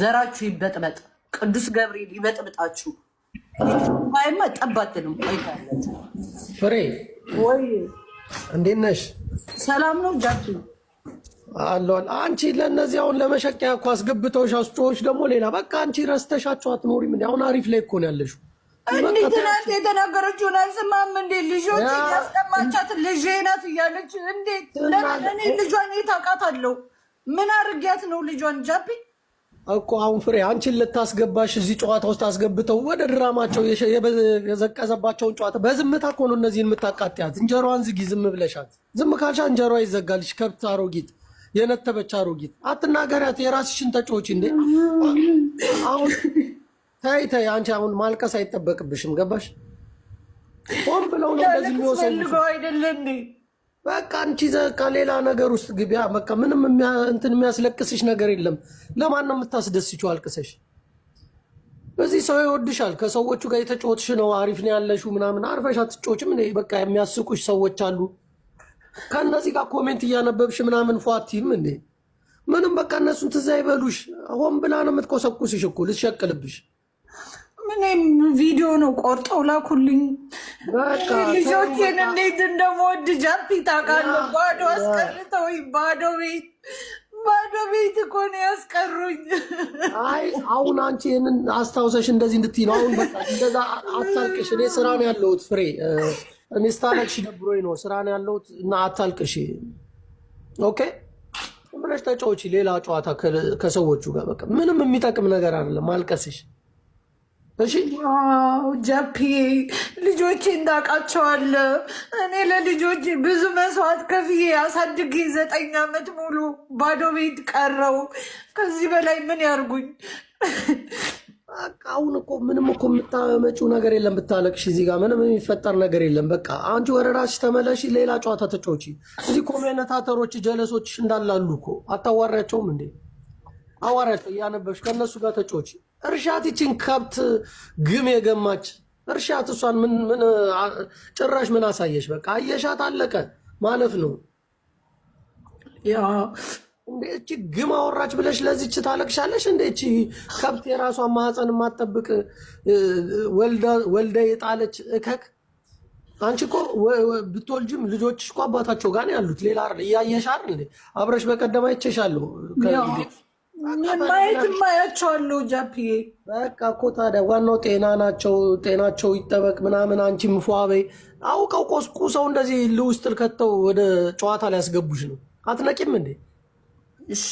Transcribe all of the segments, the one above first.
ዘራችሁ ይበጥበጥ፣ ቅዱስ ገብርኤል ይበጥብጣችሁ። ይማ ጠባት ነው። ፍሬ ወይ እንዴት ነሽ? ሰላም ነው ጃፒ አለዋል። አንቺ ለእነዚህ አሁን ለመሸቂያ እኮ አስገብተውሽ አስጮዎች ደግሞ ሌላ በቃ አንቺ ረስተሻቸው አትኖሪም። አሁን አሪፍ ላይ እኮ ነው ያለሽው። እንዲህ ትናንት የተናገረችውን አይሰማም እንዴ? ልጆች ያስጠማቻት ልጄ ናት እያለች እንዴት? ለእኔ ልጇን የት አውቃታለሁ? ምን አድርጊያት ነው ልጇን ጃፒ እኮ አሁን ፍሬ አንቺን ልታስገባሽ እዚህ ጨዋታ ውስጥ አስገብተው ወደ ድራማቸው የዘቀዘባቸውን ጨዋታ በዝምታ እኮ ነው እነዚህን የምታቃጥያት። እንጀሯን ዝጊ፣ ዝም ብለሻት። ዝም ካልሻ እንጀሯ ይዘጋልሽ። ከብት አሮጊት፣ የነተበች አሮጊት አትናገሪያት። የራስሽን ተጫዎች እንዴ! አሁን ተይ ተይ፣ አንቺ አሁን ማልቀስ አይጠበቅብሽም። ገባሽ? ሆን ብለው ነው እንደዚህ የሚወሰኑ በቃ አንቺ ዘካ ሌላ ነገር ውስጥ ግቢያ። በቃ ምንም እንትን የሚያስለቅስሽ ነገር የለም። ለማን ነው የምታስደስችው አልቅሰሽ? በዚህ ሰው ይወድሻል። ከሰዎቹ ጋር የተጫወትሽ ነው። አሪፍ ነው ያለሽው ምናምን አርፈሽ አትጫወችም። በቃ የሚያስቁሽ ሰዎች አሉ። ከእነዚህ ጋር ኮሜንት እያነበብሽ ምናምን ፏቲም እ ምንም በቃ እነሱን ትዝ አይበሉሽ። ሆን ብላ ነው የምትቆሰቁስሽ እኮ ልትሸቅልብሽ። ምንም ቪዲዮ ነው ቆርጠው ላኩልኝ። ልጆቼን እንዴት እንደምወድ ጃፒ ታውቃለህ። ባዶ አስቀርተውኝ ባዶ ቤት ባዶ ቤት እኮ ነው ያስቀሩኝ። አይ አሁን አንቺ ይህንን አስታውሰሽ እንደዚህ እንድትይ ነው። አሁን በቃ እንደዛ አታልቅሽ። እኔ ስራ ነው ያለሁት ፍሬ። እኔ ስታለቅሽ ደብሮኝ ነው። ስራ ነው ያለሁት እና አታልቅሽ። ኦኬ ብለሽ ሌላ ጨዋታ ከሰዎቹ ጋር። በቃ ምንም የሚጠቅም ነገር አይደለም ማልቀስሽ። እሺ ጃፒ ልጆቼ እንዳውቃቸዋለ እኔ ለልጆቼ ብዙ መስዋዕት ከፍዬ አሳድጌ ዘጠኝ ዓመት ሙሉ ባዶ ቤት ቀረው። ከዚህ በላይ ምን ያርጉኝ? አሁን እኮ ምንም እኮ የምታመጪው ነገር የለም ብታለቅሽ፣ እዚህ ጋር ምንም የሚፈጠር ነገር የለም። በቃ አንቺ ወረዳሽ ተመለሽ፣ ሌላ ጨዋታ ተጫወቺ። እዚህ ኮሜንታተሮች ጀለሶች እንዳላሉ እኮ አታዋሪያቸውም እንዴ? አዋሪያቸው እያነበብሽ ከእነሱ ጋር ተጫወቺ። እርሻት ይችን ከብት ግም የገማች እርሻት እሷን ምን ጭራሽ ምን አሳየሽ? በቃ አየሻት፣ አለቀ ማለት ነው። ያ እንደ እቺ ግም አወራች ብለሽ ለዚች ታለቅሻለሽ? እንደ እቺ ከብት የራሷን ማህፀን የማትጠብቅ ወልደ የጣለች እከክ። አንቺ እኮ ብትወልጅም ልጆችሽ እኮ አባታቸው ጋር ነው ያሉት። ሌላ እያየሽ አይደል? አብረሽ በቀደም አይቼሻለሁ ማየት የማያቸዋለሁ ጃፒዬ በቃ እኮ ታዲያ ዋናው ጤና ናቸው፣ ጤናቸው ይጠበቅ ምናምን። አንቺ ፏ አውቀው ቆስቁ ሰው እንደዚህ ልውስጥ ልከተው ወደ ጨዋታ ሊያስገቡሽ ነው። አትነቂም እንዴ? እሺ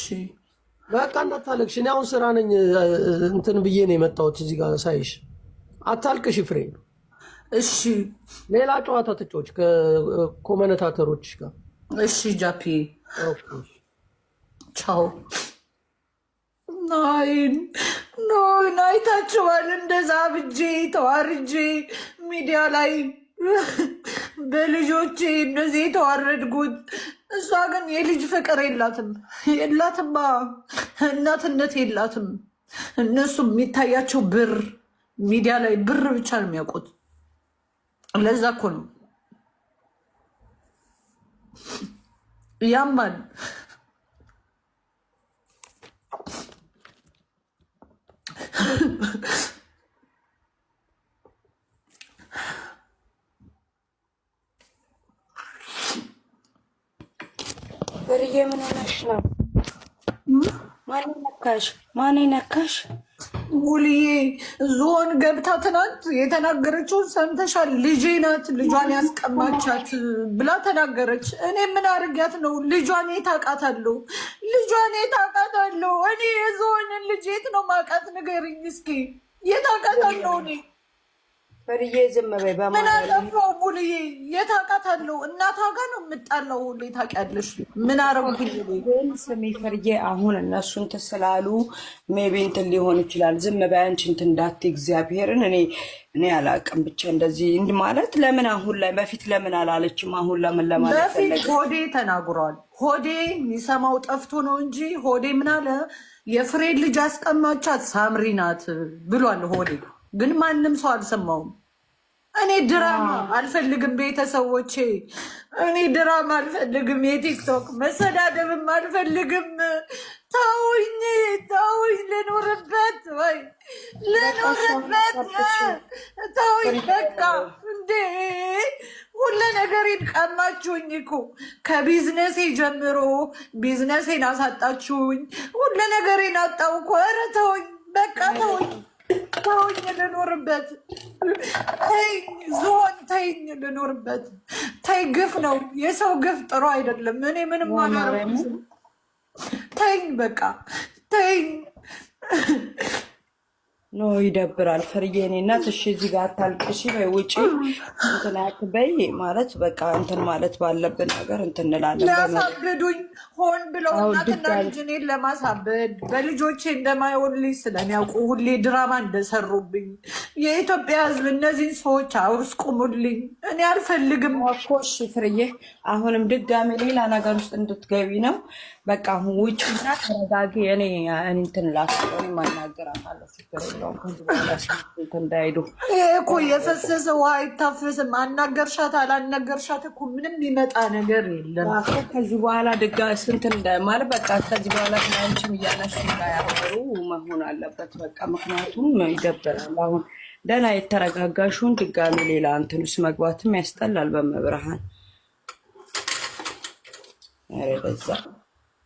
በቃ እንዳታለቅሽ። እኔ አሁን ስራ ነኝ እንትን ብዬ ነው የመጣሁት እዚህ ጋር ሳይሽ። አታልቅሽ ፍሬ። እሺ ሌላ ጨዋታ ትጫዎች ከኮመነታተሮች ጋር። እሺ ጃፒ ቻው። ነይን ነይን አይታችኋል። እንደዛ አብጄ ተዋርጄ ሚዲያ ላይ በልጆቼ እንደዚህ የተዋረድኩት። እሷ ግን የልጅ ፍቅር የላትም የላትማ፣ እናትነት የላትም። እነሱ የሚታያቸው ብር፣ ሚዲያ ላይ ብር ብቻ ነው የሚያውቁት። ለዛ እኮ ነው ያማን ብርዬ ምን ሆነሽ ነው? ማን ነካሽ? ማን ነካሽ? ጉልዬ ዞን ገብታ ትናንት የተናገረችውን ሰምተሻል? ልጄ ናት ልጇን ያስቀማቻት ብላ ተናገረች። እኔ ምን አድርጊያት ነው? ልጇን የት አውቃታለሁ? ልጇን የት አውቃታለሁ? እኔ የዞንን ልጅ የት ነው ማውቃት? ንገሪኝ እስኪ የት አውቃታለሁ እኔ ፈርዬ ዝም በይ። በምን አጠፋው ሙሉዬ? የት አውቃታለሁ? እናቷ ጋር ነው የምጣለው ሁሌ። ታውቂያለሽ ምን አረጉኝ? ግን ፈርዬ፣ አሁን እነሱ እንትን ስላሉ ሜቢ እንትን ሊሆን ይችላል። ዝም በይ አንቺ እንትን እንዳትዪ እግዚአብሔርን። እኔ እኔ አላውቅም ብቻ እንደዚህ እንድ ማለት ለምን አሁን ላይ በፊት ለምን አላለችም? አሁን ለምን ለማለት በፊት ሆዴ ተናግሯል። ሆዴ የሚሰማው ጠፍቶ ነው እንጂ ሆዴ ምን አለ ልጅ አስቀማቻት ሳምሪ ናት ብሏል ሆዴ ግን ማንም ሰው አልሰማውም። እኔ ድራማ አልፈልግም፣ ቤተሰቦቼ እኔ ድራማ አልፈልግም፣ የቲክቶክ መሰዳደብም አልፈልግም። ተውኝ ተውኝ፣ ልኖርበት ወይ ልኖርበት፣ ተውኝ በቃ። እንዴ ሁለ ነገሬን ቀማችሁኝ እኮ ከቢዝነሴ ጀምሮ ቢዝነሴን አሳጣችሁኝ፣ ሁለ ነገሬን አጣው እኮ። ኧረ ተውኝ በቃ ተውኝ። ተወኝ ልኖርበት። ተይ ዝሆን ተይኝ ልኖርበት። ተይ ግፍ ነው የሰው ግፍ ጥሩ አይደለም። እኔ ምንም አላረኩም። ተይኝ በቃ ተይኝ። ኖ ይደብራል። ፍርዬ እኔ እናት እሺ፣ እዚህ ጋር አታልቅሺ በይ፣ ውጪ እንትን አትበይ ማለት በቃ እንትን ማለት ባለብን ነገር እንትን እንላለን። ሊያሳብዱኝ ሆን ብለው እናትና ልጅኔን ለማሳበድ በልጆቼ እንደማይሆንልኝ ስለሚያውቁ ሁሌ ድራማ እንደሰሩብኝ የኢትዮጵያ ሕዝብ እነዚህን ሰዎች አውርስቁሙልኝ። እኔ አልፈልግም እኮ እሺ፣ ፍርዬ አሁንም ድጋሜ ሌላ ነገር ውስጥ እንድትገቢ ነው በቃ ውጭ ና ተረጋጊ። እኔ እንትን ላስሆን ማናገራታለሁ። ችግር የለውም። እንዳይዱ ይሄ እኮ የፈሰሰ ውሃ አይታፈስም። አናገርሻት አላናገርሻት እኮ ምንም ይመጣ ነገር የለም። ከዚህ በኋላ ድጋ ስንት እንደማል በቃ ከዚህ በኋላ ትናንችም እያነሱ እንዳያወሩ መሆን አለበት። በቃ ምክንያቱም ይደብራል። አሁን ደህና የተረጋጋሹን ድጋሚ ሌላ እንትን ውስጥ መግባትም ያስጠላል። በመብርሃን ኧረ በዛ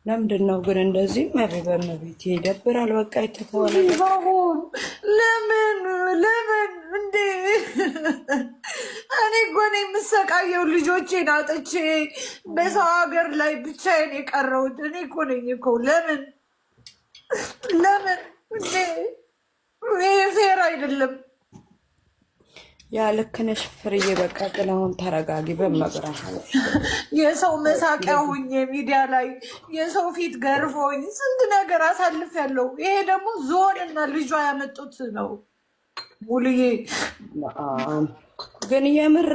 ለምንድን ነው ግን እንደዚህ መሪበር ነው ቤት ይደብራል። በቃ የተተወለ ለምን ለምን እንዴ እኔ ጎን የምሰቃየው ልጆቼን አጥቼ በሰው ሀገር ላይ ብቻዬን የቀረሁት እኔ እኮ ነኝ እኮ ለምን ለምን እንዴ ይሄ ፌር አይደለም። ያልክነሽ ፍርዬ በቃ ጥላሁን ተረጋጊ። በመብራት የሰው መሳቂያ ሁኝ የሚዲያ ላይ የሰው ፊት ገርፎኝ ስንት ነገር አሳልፍ ያለው ይሄ ደግሞ ዞን እና ልጇ ያመጡት ነው። ሙሉዬ ግን የምር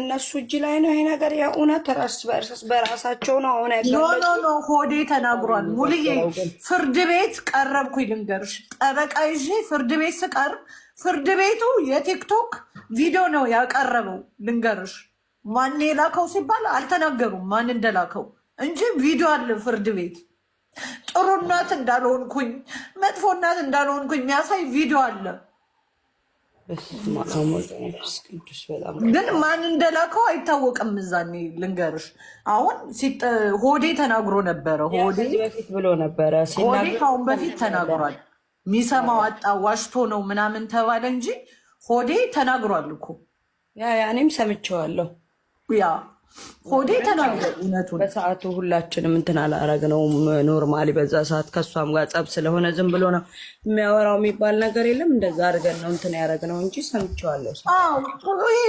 እነሱ እጅ ላይ ነው ይሄ ነገር። የእውነት ራስ በእርስ በራሳቸው ነው። አሁን ኖ ሆዴ ተናግሯል። ሙሉዬ ፍርድ ቤት ቀረብኩኝ ልንገርሽ፣ ጠበቃ ይዤ ፍርድ ቤት ስቀርብ ፍርድ ቤቱ የቲክቶክ ቪዲዮ ነው ያቀረበው። ልንገርሽ ማን የላከው ሲባል አልተናገሩም ማን እንደላከው እንጂ ቪዲዮ አለ ፍርድ ቤት ጥሩ እናት እንዳልሆንኩኝ መጥፎ እናት እንዳልሆንኩኝ የሚያሳይ ቪዲዮ አለ። ግን ማን እንደላከው አይታወቅም። እዛኔ ልንገርሽ አሁን ሆዴ ተናግሮ ነበረ። ሆዴ ካሁን በፊት ተናግሯል። ሚሰማው አጣ ዋሽቶ ነው ምናምን ተባለ እንጂ ሆዴ ተናግሯል እኮ ያ ያ እኔም ሰምቼዋለሁ። ያ ሆዴ ተናግሯል እውነቱን። በሰዓቱ ሁላችንም እንትን አላረግነውም። ኖርማሊ በዛ ሰዓት ከእሷም ጋር ጸብ ስለሆነ ዝም ብሎ ነው የሚያወራው የሚባል ነገር የለም። እንደዛ አድርገን ነው እንትን ያደረግነው እንጂ ሰምቼዋለሁ። ይሄ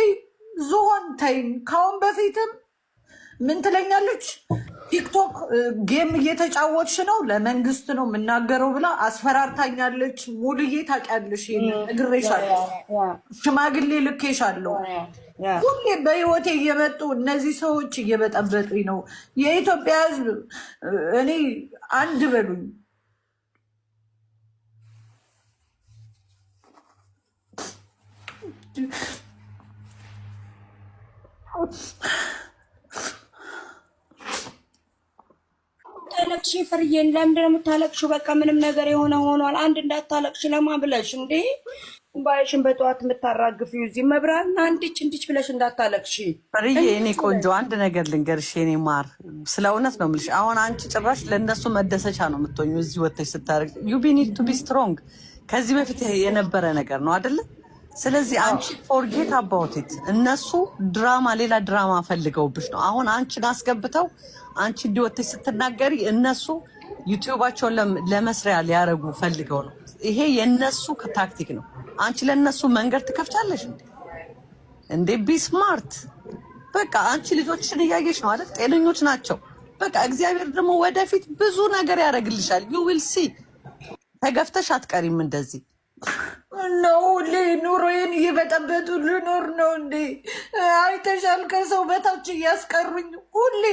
ዝሆን ተይም ካሁን በፊትም ምን ትለኛለች ቲክቶክ ጌም እየተጫወትሽ ነው ለመንግስት ነው የምናገረው ብላ አስፈራርታኛለች። ሙሉዬ ታውቂያለሽ፣ እግሬሻለሁ፣ ሽማግሌ ልኬሻለሁ። ሁሌ በህይወቴ እየመጡ እነዚህ ሰዎች እየበጠበጡኝ ነው። የኢትዮጵያ ህዝብ እኔ አንድ በሉኝ። የምታለቅሽ ፍርዬ? ለምንድን ነው የምታለቅሽው? በቃ ምንም ነገር የሆነ ሆኗል። አንድ እንዳታለቅሽ ለማ ብለሽ እንዴ ባይሽን በጠዋት የምታራግፊ እዚህ መብራና እንድች እንድች ብለሽ እንዳታለቅሽ ፍርዬ። እኔ ቆንጆ አንድ ነገር ልንገርሽ የኔ ማር፣ ስለ እውነት ነው የምልሽ። አሁን አንቺ ጭራሽ ለእነሱ መደሰቻ ነው የምትሆኙ እዚህ ወጥተሽ ስታደርግ። ዩ ቢ ኒድ ቱ ቢ ስትሮንግ። ከዚህ በፊት የነበረ ነገር ነው አይደለም ስለዚህ አንቺ ፎርጌት አባውቴት እነሱ ድራማ ሌላ ድራማ ፈልገውብሽ ነው። አሁን አንቺን አስገብተው አንቺ እንዲወተች ስትናገሪ እነሱ ዩቲዩባቸውን ለመስሪያ ሊያደርጉ ፈልገው ነው። ይሄ የእነሱ ታክቲክ ነው። አንቺ ለእነሱ መንገድ ትከፍቻለሽ እንዴ? እንዴ ቢ ስማርት በቃ አንቺ ልጆችሽን እያየሽ ነው ማለት ጤነኞች ናቸው። በቃ እግዚአብሔር ደግሞ ወደፊት ብዙ ነገር ያደርግልሻል። ዩ ዊል ሲ ተገፍተሽ አትቀሪም እንደዚህ ነው ሁሌ ኑሮዬን እየበጠበጡ ልኖር ነው እንዴ? አይተሻል፣ ከሰው በታች እያስቀሩኝ ሁሌ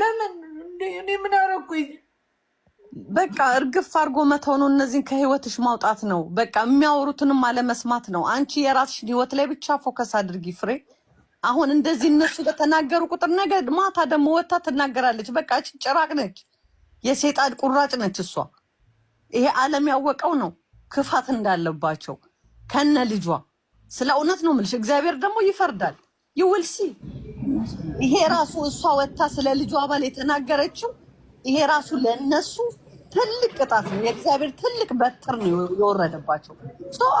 ለምን እንዴ? እኔ ምን በቃ እርግፍ አድርጎ መተው ነው፣ እነዚህን ከህይወትሽ ማውጣት ነው። በቃ የሚያወሩትንም አለመስማት ነው። አንቺ የራስሽን ህይወት ላይ ብቻ ፎከስ አድርጊ ፍሬ። አሁን እንደዚህ እነሱ በተናገሩ ቁጥር ነገ ማታ ደግሞ ወታ ትናገራለች። በቃ ጭራቅ ነች፣ የሴጣን ቁራጭ ነች እሷ። ይሄ አለም ያወቀው ነው። ክፋት እንዳለባቸው ከነ ልጇ ስለ እውነት ነው የምልሽ። እግዚአብሔር ደግሞ ይፈርዳል። ይውልሲ ይሄ ራሱ እሷ ወጥታ ስለ ልጇ አባል የተናገረችው ይሄ ራሱ ለእነሱ ትልቅ ቅጣት ነው። የእግዚአብሔር ትልቅ በትር ነው የወረደባቸው።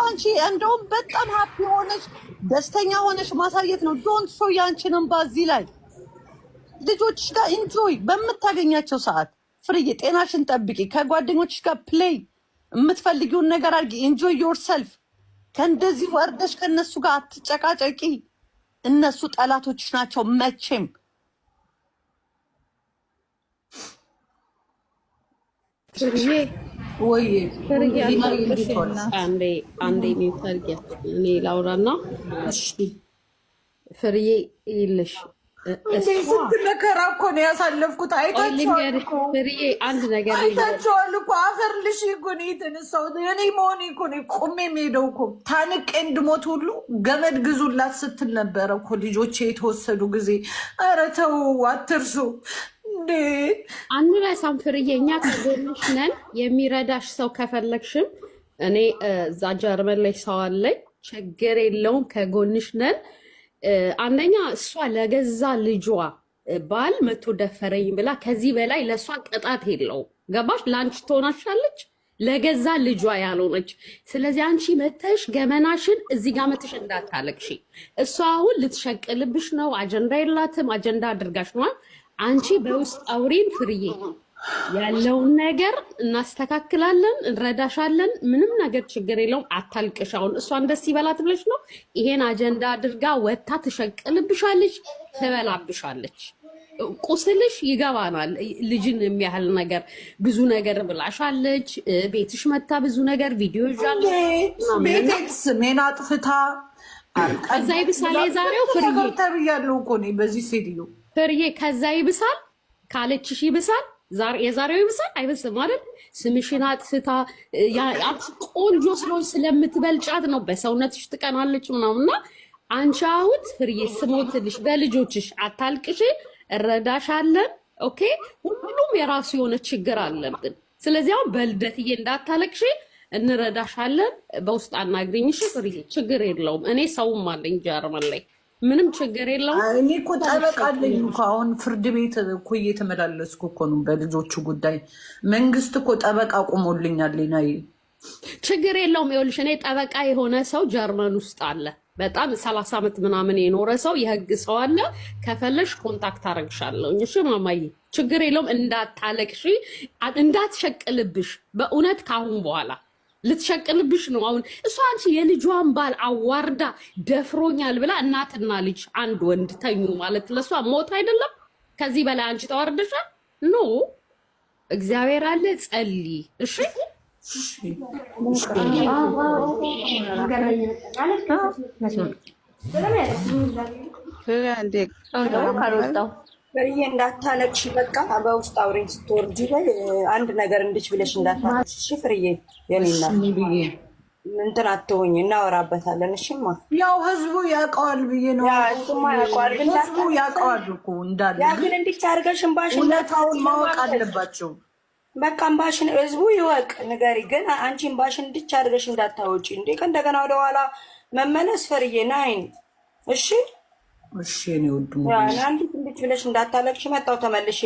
አንቺ እንደውም በጣም ሀፒ ሆነች ደስተኛ ሆነች ማሳየት ነው። ዶንት ሾ ያንቺንም ባዚህ ላይ ልጆች ጋር ኢንጆይ በምታገኛቸው ሰዓት ፍርዬ፣ ጤናሽን ጠብቂ፣ ከጓደኞች ጋር ፕሌይ የምትፈልጊውን ነገር አድርጊ። ኢንጆይ ዮር ሰልፍ። ከእንደዚህ ወርደሽ ከእነሱ ጋር አትጨቃጨቂ። እነሱ ጠላቶች ናቸው መቼም ፍርዬ ይልሽ ስንት መከራ እኮ ነው ያሳለፍኩት። አይታችኋል አንድ ነገር አይታችኋል እኮ አፈር ልሽ እኮ ነው የተነሳሁት። እኔ መሆን እኮ ነው ቁሜ የምሄደው እኮ ታንቄ እንድሞት ሁሉ ገመድ ግዙላት ስትል ነበረ እኮ ልጆቼ የተወሰዱ ጊዜ። ኧረ ተው አትርሱ። እንደ ላይ ፍርዬ፣ እኛ ከጎንሽ ነን። የሚረዳሽ ሰው ከፈለግሽም እኔ እዛ ጀርመን ላይ ሰው አለኝ። ችግር የለውም ከጎንሽ ነን። አንደኛ እሷ ለገዛ ልጇ ባል መቶ ደፈረኝ ብላ ከዚህ በላይ ለእሷ ቅጣት የለው ገባሽ? ለአንቺ ትሆናሻለች ለገዛ ልጇ ያልሆነች። ስለዚህ አንቺ መተሽ ገመናሽን እዚህ ጋር መተሽ እንዳታለቅሽ። እሷ አሁን ልትሸቅልብሽ ነው። አጀንዳ የላትም። አጀንዳ አድርጋሽ ነዋል። አንቺ በውስጥ አውሬን ፍርዬ ያለውን ነገር እናስተካክላለን፣ እንረዳሻለን። ምንም ነገር ችግር የለውም። አታልቅሽ። አሁን እሷን ደስ ይበላት ብለሽ ነው ይሄን አጀንዳ አድርጋ ወታ ትሸቅልብሻለች፣ ትበላብሻለች። ቁስልሽ ይገባናል። ልጅን የሚያህል ነገር ብዙ ነገር ብላሻለች። ቤትሽ መታ ብዙ ነገር ቪዲዮ ይዣለቤቴክስ ሜና ጥፍታ ከዛ ይብሳል። የዛሬው ፍርዬ ተብያለሁ እኮ እኔ በዚህ ሴትዮ ፍርዬ ከዛ ይብሳል ካለችሽ ይብሳል የዛሬው ይብሳል አይበስም አይደል? ስምሽን አጥፍታ አንቺ ቆንጆ ስለሆን ስለምትበልጫት ነው በሰውነትሽ ትቀናለች ምናምን እና አንቺ አሁን ፍርዬ ስሞትልሽ በልጆችሽ አታልቅሽ፣ እረዳሻለን። ኦኬ ሁሉም የራሱ የሆነ ችግር አለብን። ስለዚህ አሁን በልደትዬ እንዳታለቅሽ እንረዳሻለን። በውስጥ አናግሪኝሽ ፍርዬ፣ ችግር የለውም። እኔ ሰውም አለኝ ጀርመን ላይ ምንም ችግር የለው። እኔ እኮ ጠበቃ አለኝ እኮ አሁን ፍርድ ቤት እኮ እየተመላለስኩ እኮ ነው በልጆቹ ጉዳይ። መንግስት እኮ ጠበቃ ቁሞልኛል። ና ችግር የለውም። ይኸውልሽ እኔ ጠበቃ የሆነ ሰው ጀርመን ውስጥ አለ። በጣም ሰላሳ ዓመት ምናምን የኖረ ሰው የህግ ሰው አለ። ከፈለሽ ኮንታክት አረግሻለሁ። እሺ ማማዬ፣ ችግር የለውም። እንዳታለቅሺ፣ እንዳትሸቅልብሽ በእውነት ከአሁን በኋላ ልትሸቅልብሽ ነው አሁን። እሷ አንቺ የልጇን ባል አዋርዳ ደፍሮኛል ብላ እናትና ልጅ አንድ ወንድ ተኙ ማለት ለእሷ ሞት አይደለም? ከዚህ በላይ አንቺ ተዋርደሻል። ኖ እግዚአብሔር አለ ጸሊ። እሺ በርዬ እንዳታለቅሽ፣ በቃ በውስጥ አውሪኝ ስትወርጂ ላይ አንድ ነገር እንድች ብለሽ እንዳታለቅሽ። እሺ ፍርዬ፣ የኔና እንትን አትሆኝ፣ እናወራበታለን። እሺማ ያው ህዝቡ ያውቀዋል ብዬ ነው። እሱማ ያውቀዋል፣ ህዝቡ ያውቀዋል እኮ እንዳለ። ያ ግን እንድች አድርገሽ እምባሽ እውነታውን ማወቅ አለባቸው። በቃ እምባሽን ህዝቡ ይወቅ፣ ንገሪ። ግን አንቺ እምባሽን እንድች አድርገሽ እንዳታወጪ። እንዴ ከእንደገና ወደኋላ መመለስ ፍርዬ፣ ናይን። እሺ እሺ፣ እኔ ወድ ብለሽ እንዳታለቅሽ መጣው ተመልሼ